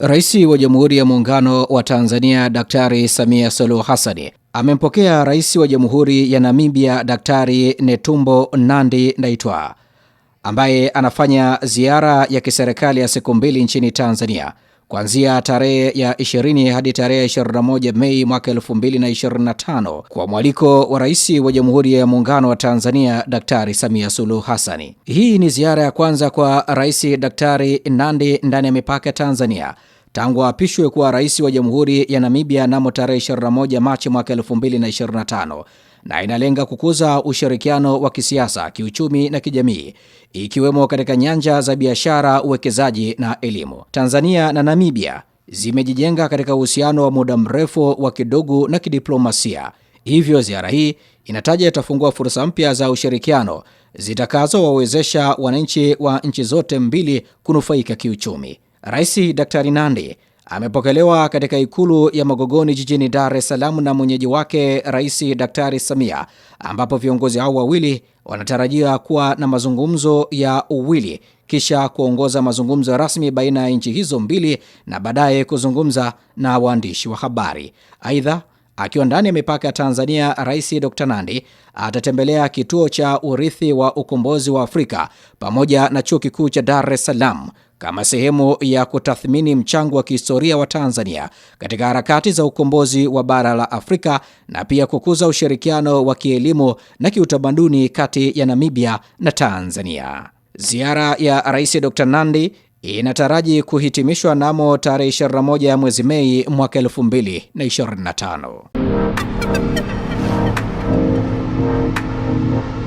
Rais wa Jamhuri ya Muungano wa Tanzania Daktari Samia Suluhu Hassan amempokea Rais wa Jamhuri ya Namibia Daktari Netumbo Nandi Ndaitwah ambaye anafanya ziara ya kiserikali ya siku mbili nchini Tanzania kuanzia tarehe ya 20 hadi tarehe 21 Mei mwaka 2025 kwa mwaliko wa Rais wa Jamhuri ya Muungano wa Tanzania Daktari Samia Suluhu Hassani. Hii ni ziara ya kwanza kwa Rais Daktari Nandi ndani ya mipaka ya Tanzania tangu aapishwe kuwa rais wa Jamhuri ya Namibia namo tarehe 21 Machi mwaka 2025 na inalenga kukuza ushirikiano wa kisiasa, kiuchumi na kijamii, ikiwemo katika nyanja za biashara, uwekezaji na elimu. Tanzania na Namibia zimejijenga katika uhusiano wa muda mrefu wa kidugu na kidiplomasia. Hivyo ziara hii inataja itafungua fursa mpya za ushirikiano zitakazowawezesha wananchi wa nchi zote mbili kunufaika kiuchumi. Rais Daktari Nandi amepokelewa katika ikulu ya Magogoni jijini Dar es Salaam na mwenyeji wake Rais Daktari Samia, ambapo viongozi hao wawili wanatarajia kuwa na mazungumzo ya uwili kisha kuongoza mazungumzo rasmi baina ya nchi hizo mbili na baadaye kuzungumza na waandishi wa habari. Aidha, Akiwa ndani ya mipaka ya Tanzania, Rais Dr. Nandi atatembelea kituo cha urithi wa ukombozi wa Afrika pamoja na chuo kikuu cha Dar es Salaam kama sehemu ya kutathmini mchango wa kihistoria wa Tanzania katika harakati za ukombozi wa bara la Afrika na pia kukuza ushirikiano wa kielimu na kiutamaduni kati ya Namibia na Tanzania. Ziara ya Rais Dr. Nandi inataraji kuhitimishwa namo tarehe 21 ya mwezi Mei mwaka 2025.